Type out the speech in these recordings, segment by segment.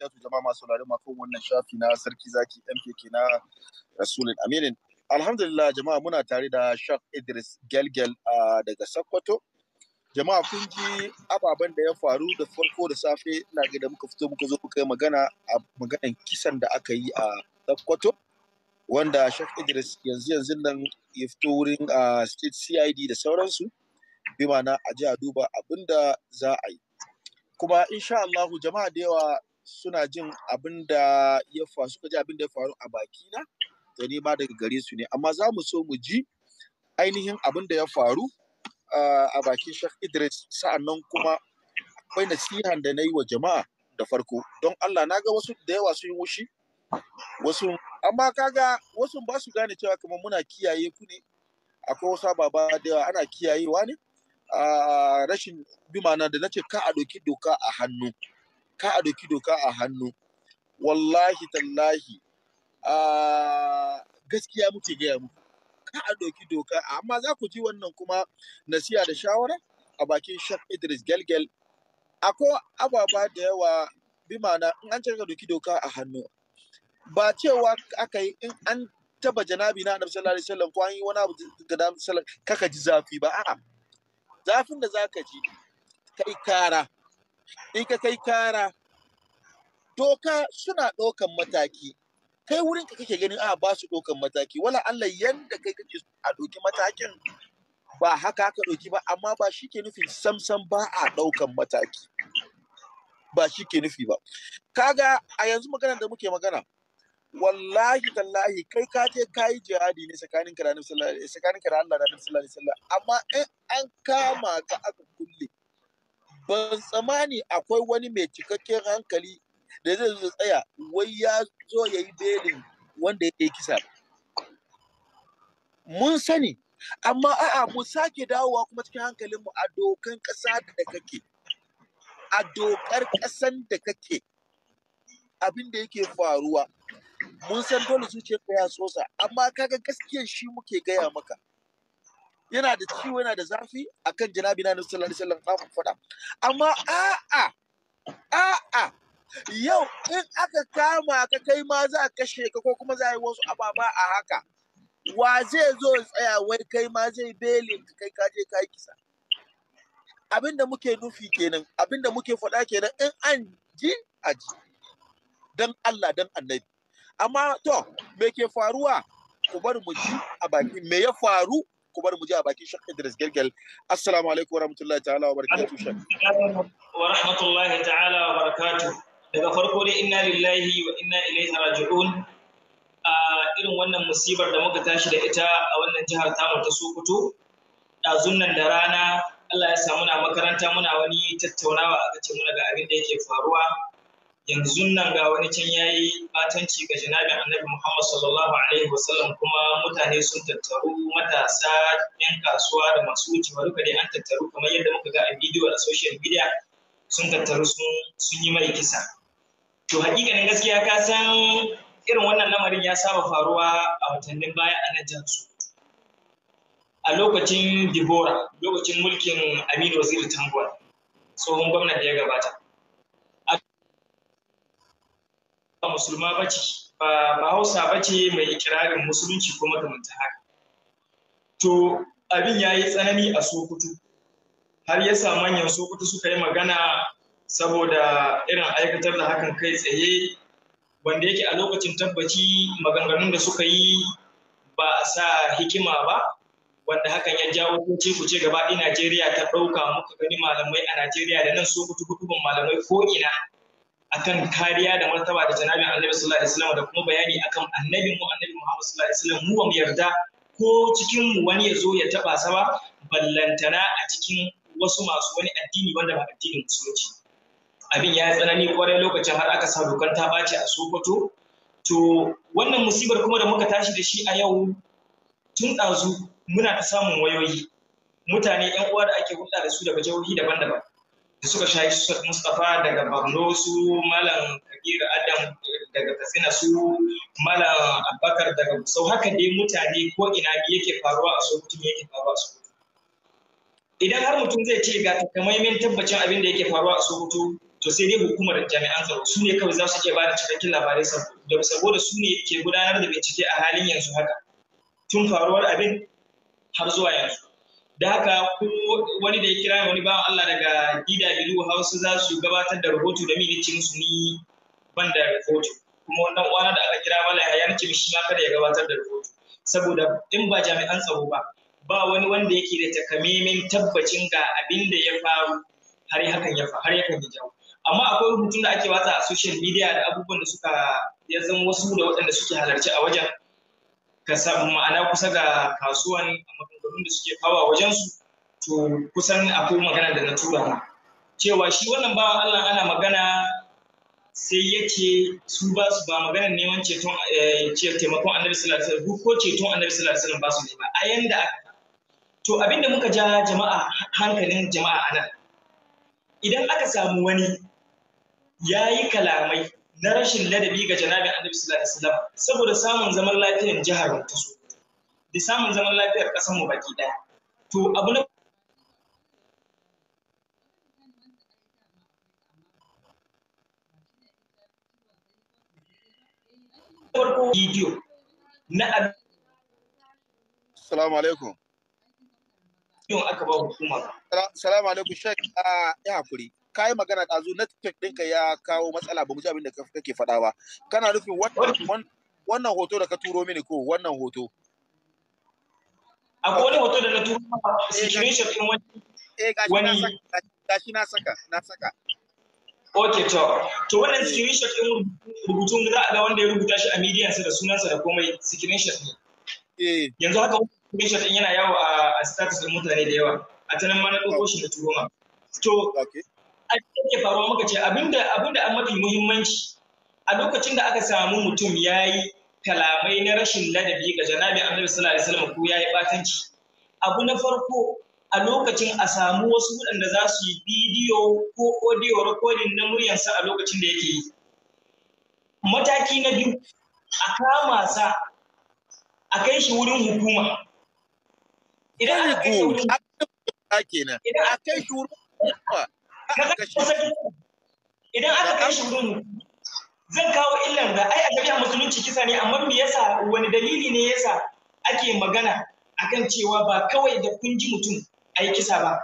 barakatuh jama'a masu ma kan wannan shafi na sarki zaki keke na Rasulun Aminin. Alhamdulillah jama'a muna tare da Shaf Idris Gelgel daga Sokoto. Jama'a kun ji ababen da ya faru da farko da safe ina ga da muka fito muka zo muka yi magana a maganan kisan da aka yi a Sokoto. Wanda Shaf Idris yanzu yanzu nan ya fito wurin State CID da sauransu. Bi ma'ana a ji a duba abin da za a yi. Kuma insha Allahu jama'a da yawa suna jin abin da ya faru suka ji abin da ya faru a bakina da ni ma daga gare su ne amma za mu so mu ji ainihin abin da ya faru ah, a bakin Sheikh Idris sa'annan kuma akwai nasihan da na yi wa jama'a da farko don Allah na ga wasu da yawa sun wushi wasu amma kaga wasu ba su gane cewa kamar muna kiyaye ku ne akwai wasu ababa da yawa ana kiyayewa ne a ah, rashin bimana da nace ka a doki doka a hannu ka a ɗauki doka a hannu wallahi tallahi a gaskiya muke gaya muku ka a ɗauki doka amma za ku ji wannan kuma nasiya da shawara a bakin Shaf Idris Gelgel akwai ababa da yawa bi ma'ana in an cika doki doka a hannu ba cewa aka yi in an taba janabi na annabi sallallahu alaihi wasallam ko an yi wani abu ga da sallallahu kaka ji zafi ba a'a zafin da za ka ji kai kara in ka kai kara doka suna ɗaukan mataki kai wurin ka kake ganin a ba su ɗaukan mataki wala Allah yanda kai kake a ɗauki matakin ba haka aka ɗauki ba amma ba shi ke nufin samsam ba a ɗaukan mataki ba shi ke nufi ba kaga a yanzu magana da muke magana wallahi tallahi kai ka je yi jihadi ne tsakanin ka da Allah da Annabi amma in an kama ka aka kulle ban tsamani akwai wani mai cikakken hankali da zai zo tsaya wai ya zo ya yi belin wanda ya yi kisa mun sani amma a'a mu sake dawowa kuma cikin hankalinmu a dokan ƙasa da kake a dokar ƙasan da kake abin da yake faruwa mun san dole su ce kaya sosa amma kaga gaskiyar shi muke gaya maka yana da ciwo yana da zafi akan janabi na sallallahu alaihi wasallam faɗa amma a'a a'a yau in aka kama ka kai ma za a kashe ka ko kuma za a yi wasu ababa a haka wa zai zo tsaya wai kai ma zai bele ka kai je kai kisa abin muke nufi kenan abin muke faɗa kenan in an ji a ji don Allah don annabi amma to me ke faruwa ku bar mu ji a baki me ya faru ku bar mu ji a bakin Sheikh Idris Gelgel. Assalamu alaikum wa rahmatullahi ta'ala wa barakatuh Wa rahmatullahi ta'ala wa barakatuh. Daga farko dai inna lillahi wa inna ilaihi raji'un. A irin wannan musibar da muka tashi da ita a wannan jihar tamu ta Sokoto. Da zunnan da rana Allah ya sa muna makaranta muna wani tattaunawa aka ce muna ga abin da yake faruwa. yanzu nan ga wani can ya yi batanci ga janabin annabi Muhammad sallallahu alaihi wasallam kuma mutane sun tattaru matasa yan kasuwa da masu wuce duka dai an tattaru kamar yadda muka ga a bidiyo a social media sun tattaru sun yi mai kisa to hakika ne gaskiya ka san irin wannan lamarin ya saba faruwa a watannin baya a nan a lokacin Dibora lokacin mulkin Aminu Waziri Tambuwal tsohon gwamnan da ya gabata ba musulma ba ce ba hausa ba ce mai ikirarin musulunci ko makamanta haka to abin ya yi tsanani a sokoto har ya sa manyan sokoto suka yi magana saboda irin aikatar da hakan kai tsaye wanda yake a lokacin tabbaci maganganun da suka yi ba a sa hikima ba wanda hakan ya jawo kuce kuce gaba ɗaya Najeriya ta ɗauka muka gani malamai a Najeriya da nan sokoto hukumar malamai ko ina akan kariya da martaba da janabin annabi sallallahu alaihi wasallam da kuma bayani akan annabi mu annabi Muhammad sallallahu alaihi wasallam mu ba mu yarda ko cikin mu wani ya zo ya taba saba ballantana a cikin wasu masu wani addini wanda ba addinin musulunci abin ya tsanani kwarai lokacin har aka sa dokar ta bace a Sokoto to wannan musibar kuma da muka tashi da shi a yau tun ɗazu muna ta samun wayoyi mutane 'yan uwa da ake hulɗa da su daga jahohi daban-daban da suka shayi su Mustapha daga Borno su Malam Kabir Adam daga Katsina su Malam Abubakar daga sau haka dai mutane ko ina yake faruwa a Sokoto yake faruwa a Sokoto idan har mutum zai ce ga takamaimin tabbacin abin da yake faruwa a Sokoto to sai dai hukumar jami'an tsaro su ne kawai za su iya bada cikakken labarai saboda su ne ke gudanar da bincike a halin yanzu haka tun faruwar abin har zuwa yanzu da haka ko wani da ya kira wani bawan Allah daga bilu Hausa za su gabatar da rahoto da mini su ni ban da rahoto kuma wannan uwana da aka kira mala ya yanci shi ma kada ya gabatar da rahoto saboda in ba jami'an tsaro ba ba wani wanda yake da takamaiman tabbacin ga abin da ya faru har hakan ya har hakan ya jawo amma akwai rubutun da ake watsa a social media da abubuwan da suka ya zama wasu da waɗanda suke halarci a wajen ka ma'ana kusa ga kasuwan Kudin da suke fawa wajen su to kusan akwai magana da na tura ma cewa shi wannan bawan Allah ana magana sai yake su ba su ba magana neman ceton eh, taimakon annabi sallallahu alaihi wasallam ko ceton annabi sallallahu alaihi wasallam ba su ne ba a yanda to abinda muka ja jama'a hankalin jama'a anan idan aka samu wani ya yi kalamai na rashin ladabi ga janabi annabi sallallahu alaihi wasallam saboda samun zaman lafiyar jihar ta so da samun zaman lafiyar ƙasar mu baki ɗaya to abu na farko bidiyo na Assalamu alaikum. Yau aka ba hukuma. Assalamu alaikum Sheikh a ah, ya hakuri. Ka yi magana ɗazu na TikTok ɗinka ya kawo matsala ba mu ji abin da kake faɗa ba. Kana nufin wannan hoto da ka turo mini ko wannan hoto. akwai wani hoto da na turo screenshot din wani eh, wani gashi na saka na saka Okay, to to wannan screenshot din rubutun za a ga wanda ya rubuta shi a media sa da sunansa da komai screenshot ne eh. yanzu haka screenshot din yana yawo a status din mutane da yawa a tanan ma na dauko shi na turo ma to a ke faruwa muka ce abinda abinda an mafi muhimmanci a lokacin da aka samu mutum yayi kalamai na rashin ladabi ga janabi annabi sallallahu alaihi wasallam ko yayi batanci abu na farko a lokacin a samu wasu waɗanda za su yi bidiyo ko audio recording na muryarsa a lokacin da yake yi mataki na biyu a kama sa a kai shi wurin hukuma idan a kai shi wurin hukuma idan aka kai shi wurin hukuma zan kawo illan da ai a jami'a musulunci kisa ne amma me yasa wani dalili ne yasa ake magana akan cewa ba kawai da kun mutum a yi kisa ba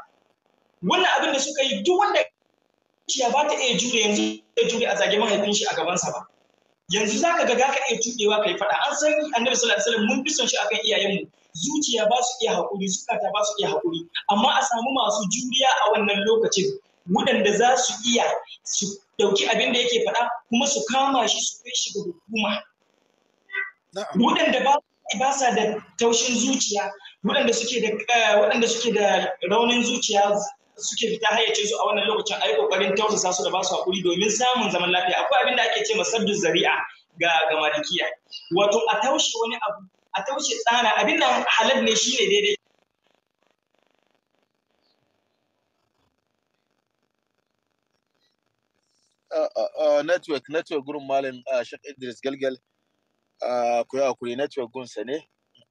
wannan abin da suka yi duk wanda ya ba ta iya jure yanzu ya jure a zage mahaifin shi a gabansa ba yanzu zaka ga ka iya tudewa kai faɗa an san annabi sallallahu alaihi wasallam mun fi son shi akan iyayenmu zuciya ba su iya haƙuri zukata ba su iya haƙuri amma a samu masu juriya a wannan lokacin waɗanda za su iya su dauki abin da yake faɗa kuma su kama shi su kai shi ga hukuma. Waɗanda ba sa da taushin zuciya, waɗanda suke da eh, waɗanda suke da raunin zuciya suke fita hayyace su a wannan lokacin ayi kokarin tausasa su da ba su hakuri domin samun zaman lafiya. Akwai abin da ake ce saddu zari'a ga ga malikiya. Wato a taushe wani abu, a taushe tsara abin nan halal ne shine daidai. network network gurin malam Sheikh Idris Galgal ku yi kuri network gunsa ne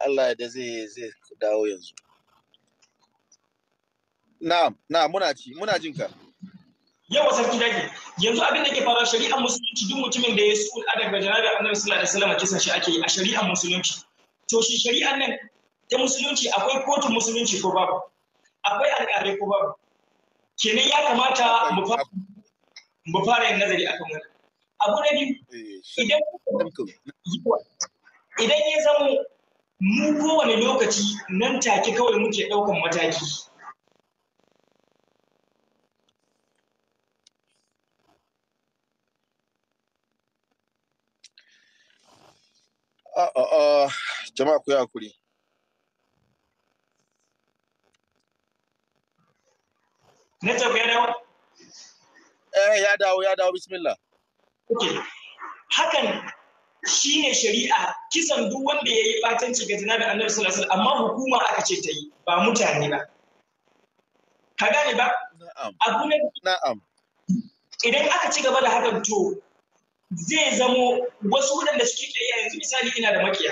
Allah da zai zai dawo yanzu na'am na'am muna ci muna jin ka yawa sarki daji yanzu abin da ke fara shari'ar musulunci duk mutumin da ya su adab ga jarabi annabi sallallahu alaihi wasallam kisan shi ake yi a shari'ar musulunci to shi shari'ar nan ta musulunci akwai kotun musulunci ko babu akwai alƙalai ko babu kenan ya kamata mu fara mu fara yin nazari akan wannan abu na biyu eh, idan idan ya zamo mu kowane lokaci nan take kawai muke ɗaukan mataki ah, ah, ah, jama'a ku yi hakuri na tafiya da eh ya dawo ya dawo bismillah hakan shine shari'a kisan duk wanda ya yi batanci ga jinabi annabi sallallahu alaihi amma hukuma aka ce ta yi ba mutane ba ka gane ba abu ne na'am idan aka ci gaba da hakan to zai zamo wasu wadanda suke kiyaye yanzu misali ina da makiya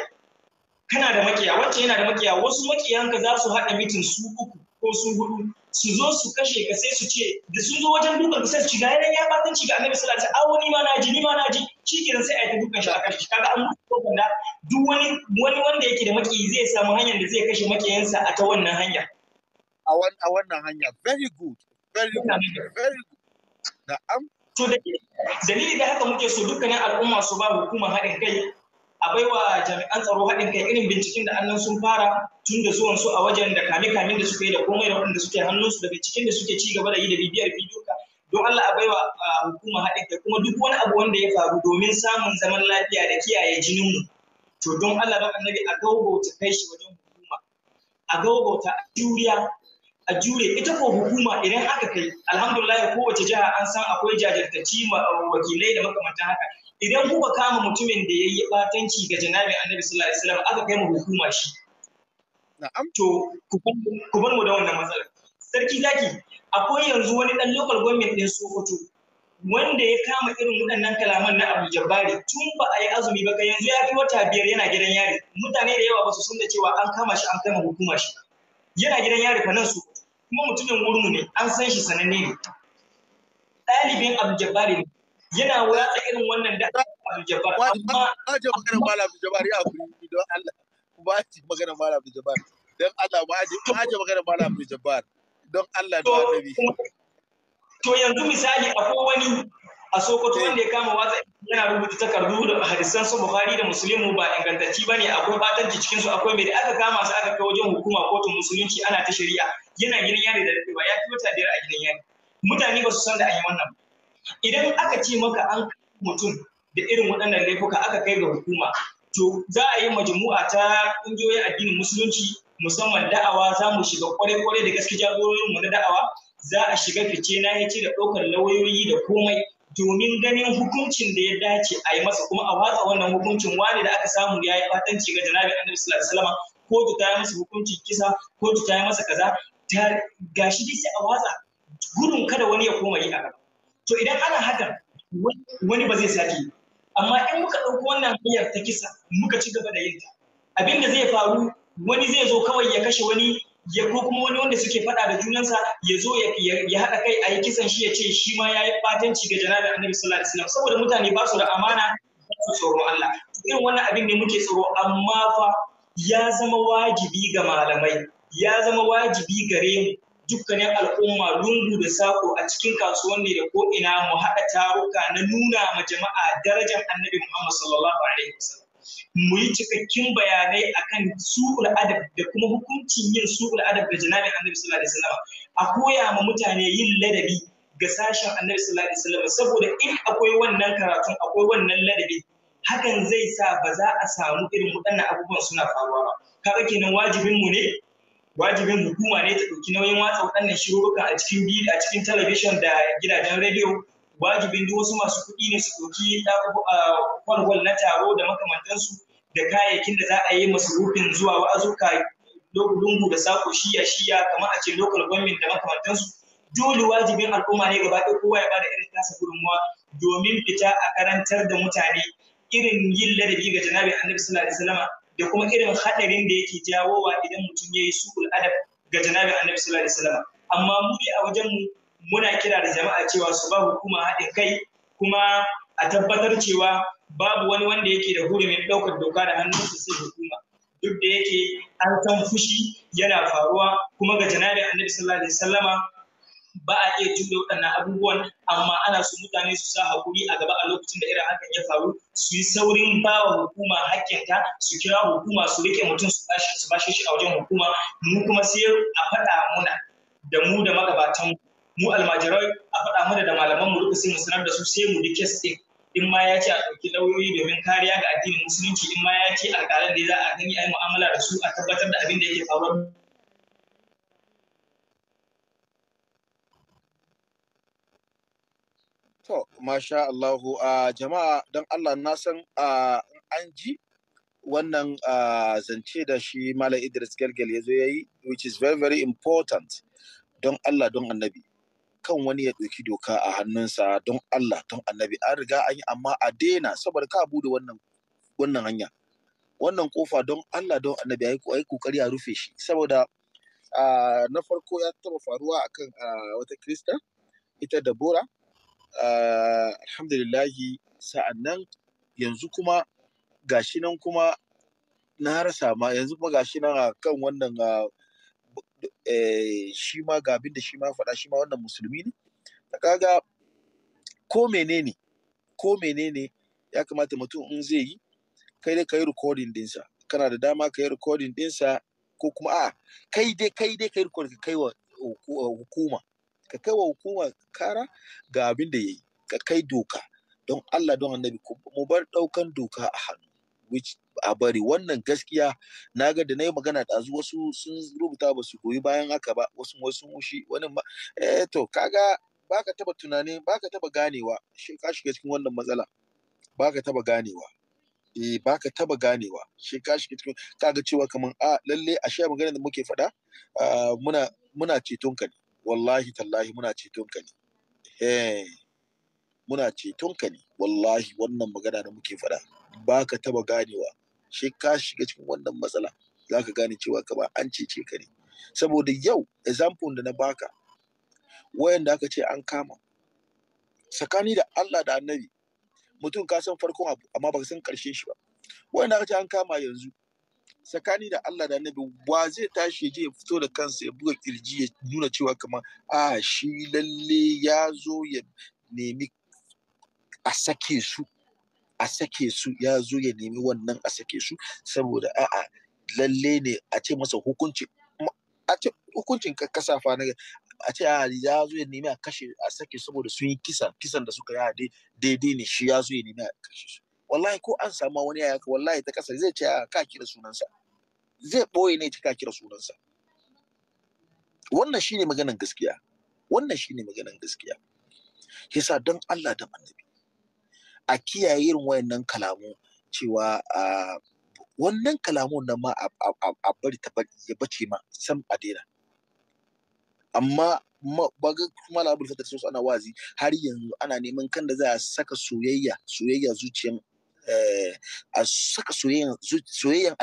kana da makiya wacce yana da makiya wasu makiyanka za su haɗa mitin su uku ko su hudu su zo su kashe ka sai su ce da sun zo wajen dukan da sai su ci ga yaran ya batun ci ga annabi sallallahu alaihi wasallam ni ma na ji ni ma na ji ke sai a yi ta dukan shi a kashe kaga an mutu ko da duk wani wani wanda yake da maki zai samu hanyar da zai kashe makiyansa a ta wannan hanya a wannan hanya very good very good very good na'am to da dalili da haka muke so dukkanin al'umma su ba hukuma haɗin kai a baiwa jami'an tsaro haɗin kai irin binciken da annan sun fara tun da zuwan su a wajen da kame kamin da suka yi da komai da waɗanda suke hannunsu da binciken da suke ci gaba da yi da bibiyar bidiyo ka don Allah a baiwa hukuma haɗin kai kuma duk wani abu wanda ya faru domin samun zaman lafiya da kiyaye jininmu to don Allah ba annabi a gaugauta kai shi wajen hukuma a gaugauta a juriya a jure ita ko hukuma idan aka kai alhamdulillah kowace jiha an san akwai jajirtacci wakilai da makamantan haka idan kuka kama mutumin da ya yi batanci ga janabin annabi sallallahu alaihi wasallam aka kai mu hukuma shi to ku bar mu da wannan matsalar sarki zaki akwai yanzu wani dan local government din Sokoto wanda ya kama irin waɗannan kalaman na Abu Jabbari tun ba a yi azumi ba kai yanzu ya fi wata biyar yana gidan yari mutane da yawa ba su san da cewa an kama shi an kai mu hukuma shi yana gidan yari fa nan su kuma mutumin wurmu ne an san shi sananne ne ɗalibin Abu Jabbari ne yana watsa irin wannan da Abdul Jabbar amma ba je magana Malam Abdul Jabbar ya hakuri don Allah ba ji magana Malam Abdul Jabbar don Allah ba je ba je magana Malam Abdul Jabbar don Allah da Annabi to yanzu misali akwai wani a Sokoto eh. wanda ya kama watsa yana rubuta takardu da hadisan su Bukhari da Muslimu ba ingantacci bane akwai batanci cikin su akwai mai da aka kama su aka kai wajen hukuma kotun musulunci ana ta shari'a yana gidan yare da ba ya fi wata a gidan yari mutane ba su san da an yi wannan ba idan aka ce maka an mutum da irin waɗannan laifuka aka kai ga hukuma to za a yi majmu'a ta ƙungiyoyin addinin musulunci musamman da'awa za mu shiga kwarai-kwarai da gaske jagororin mu na da'awa za a shiga fice na ya ce da ɗaukar lauyoyi da komai domin ganin hukuncin da ya dace a yi masa kuma a watsa wannan hukuncin wani da aka samu ya yi fatanci ga janabi annabi sallallahu alaihi wasallam kotu ta yi masa hukuncin kisa kotu ta yi masa kaza ta gashi dai sai a watsa gudun kada wani ya koma yi a gaba to idan ana hada wani ba zai sake amma in muka ɗauko wannan hanyar ta kisa muka ci gaba da yin ta abin da zai faru wani zai zo kawai ya kashe wani ya ko kuma wani wanda suke faɗa da junansa ya zo ya haɗa kai a yi kisan shi ya ce shi ma ya yi ɓatanci ga janabi annabi sallallahu alaihi wasallam saboda mutane ba su da amana ba su tsoro Allah irin wannan abin ne muke tsoro amma fa ya zama wajibi ga malamai ya zama wajibi gare mu dukkanin al'umma lungu da sako a cikin kasuwanni da ko'ina mu haɗa taruka na nuna ma jama'a darajar annabi Muhammad sallallahu alaihi wasallam mu yi cikakkin bayanai akan su'ul adab da kuma hukuncin yin su'ul adab da janabi annabi sallallahu alaihi wasallam a koya ma mutane yin ladabi ga sashen annabi sallallahu alaihi wasallam saboda in akwai wannan karatun akwai wannan ladabi hakan zai sa ba za a samu irin waɗannan abubuwan suna faruwa ba kaga kenan wajibin mu ne wajibin hukuma ne ta ɗauki nauyin watsa waɗannan shirurruka a cikin a cikin talabishin, da gidajen rediyo wajibin duk wasu masu kuɗi ne su ɗauki kwalwal na taro da makamantansu da kayayyakin da za a yi masu masarufin zuwa wa'azuka lungu da sako shiya shiya kamar a ce local government da makamantansu dole wajibin al'umma ne gaba ɗaya kowa ya bada irin tasa gudunmuwa domin fita a karantar da mutane irin yin ladabi ga janabi annabi sallallahu alaihi wasallam da kuma irin haɗarin da yake jawowa idan mutum ya yi su'ul adab ga janabin annabi sallallahu alaihi wasallam amma mu a wajen mu muna kira da jama'a cewa su ba hukuma haɗin kai kuma a tabbatar cewa babu wani wanda yake da hurumin ɗaukar doka da hannunsa sai hukuma duk da yake an san fushi yana faruwa kuma ga janabin annabi sallallahu alaihi ba a iya jure waɗannan abubuwan amma ana su mutane su sa hakuri a gaba a lokacin da irin hakan ya faru su yi saurin ba wa hukuma hakkinta su kira hukuma su rike mutum su bashi shi a wajen hukuma mu kuma sai a faɗa muna da mu da magabatan mu almajirai a faɗa muna da malaman mu duka sai mu sanar da su sai mu bi kes ɗin in ma ya ce a ɗauki lauyoyi domin kariya ga addinin musulunci in ma ya ce alƙalan da za a gani a yi mu'amala da su a tabbatar da abin da yake faruwa To, masha Allahu a jama'a don Allah na san an ji wannan zance da shi Malam Idris Galgal ya zo ya yi, which is very very important don Allah don annabi. Kan wani ya ɗauki doka a hannunsa don Allah don annabi an riga an yi amma a daina saboda ka bude wannan wannan hanya. Wannan kofa don Allah don annabi a yi kokari a rufe shi saboda na farko ya taɓa faruwa akan wata Krista ita Dabora Ah, alhamdulillahi sa'an nan yanzu kuma gashi nan kuma na rasa ma yanzu kuma gashi nan a kan wannan ah, eh, shi ma ga abin shi ma faɗa shi ma wannan musulmi ne kaga ko menene ko menene ya kamata mutum in zai yi kai dai kai recording dinsa kana da dama kai recording dinsa ko kuma a kai dai kai dai kai recording kai wa hukuma ka kai wa hukumar kara ga abin da yi. ka kai doka don Allah don annabi mu bar daukan doka a hannu which a bari wannan gaskiya na ga da na yi magana da wasu sun rubuta ba su goyi bayan haka ba wasu wasu mushi wani ma eh to kaga baka taba tunani baka taba ganewa shi ka shiga cikin wannan matsala baka taba ganewa eh baka taba ganewa shi ka shiga cikin kaga cewa kaman a ah, lalle a sha magana da muke faɗa ah, muna muna ceton ka ne wallahi tallahi muna ceton ka ne muna ceton ka ne wallahi wannan magana da muke faɗa ba ka taba ganewa shi ka shiga cikin wannan matsala za ka gane cewa ka ba an cece ka ne saboda yau example da na baka wayanda aka ce an kama tsakani da Allah da annabi mutum ka san farkon abu amma baka san karshen shi ba wayanda aka ce an kama yanzu tsakani da Allah da Annabi wa zai tashi je ya fito da kansa ya buga kirji ya nuna cewa kamar a shi lalle ya zo ya nemi a sake su a sake su ya zo ya nemi wannan a sake su saboda a'a lalle ne a ce masa hukunci a ce hukuncin kasa fa na a ce a ya zo ya nemi a kashe a sake saboda sun yi kisa kisan da suka yi daidai ne shi ya zo ya nemi a kashe su wallahi ko an samu wani yaya ka wallahi ta kasar zai ce ka kira sunansa zai boye ne ka kira sunansa wannan shine maganan gaskiya wannan shine maganan gaskiya yasa don Allah da annabi a kiyaye irin wayannan kalamu cewa wannan kalamun nan ma a bari ta ya bace ma sam a daina amma baga kuma labar fatar sosu ana wazi har yanzu ana neman kan da za a saka soyayya soyayya zuciyan Eh, a saka soyayyan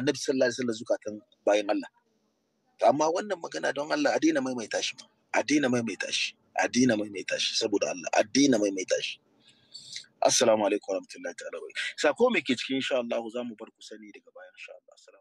annabi sallallahu alaihi wasallam zukatan bayan Allah amma wannan magana don Allah a daina maimaita shi a daina maimaita shi a daina maimaita shi saboda Allah a daina maimaita shi assalamu alaikum warahmatullahi ta'ala sako me ke cikin insha Allah za mu bar ku sani daga bayan insha Allah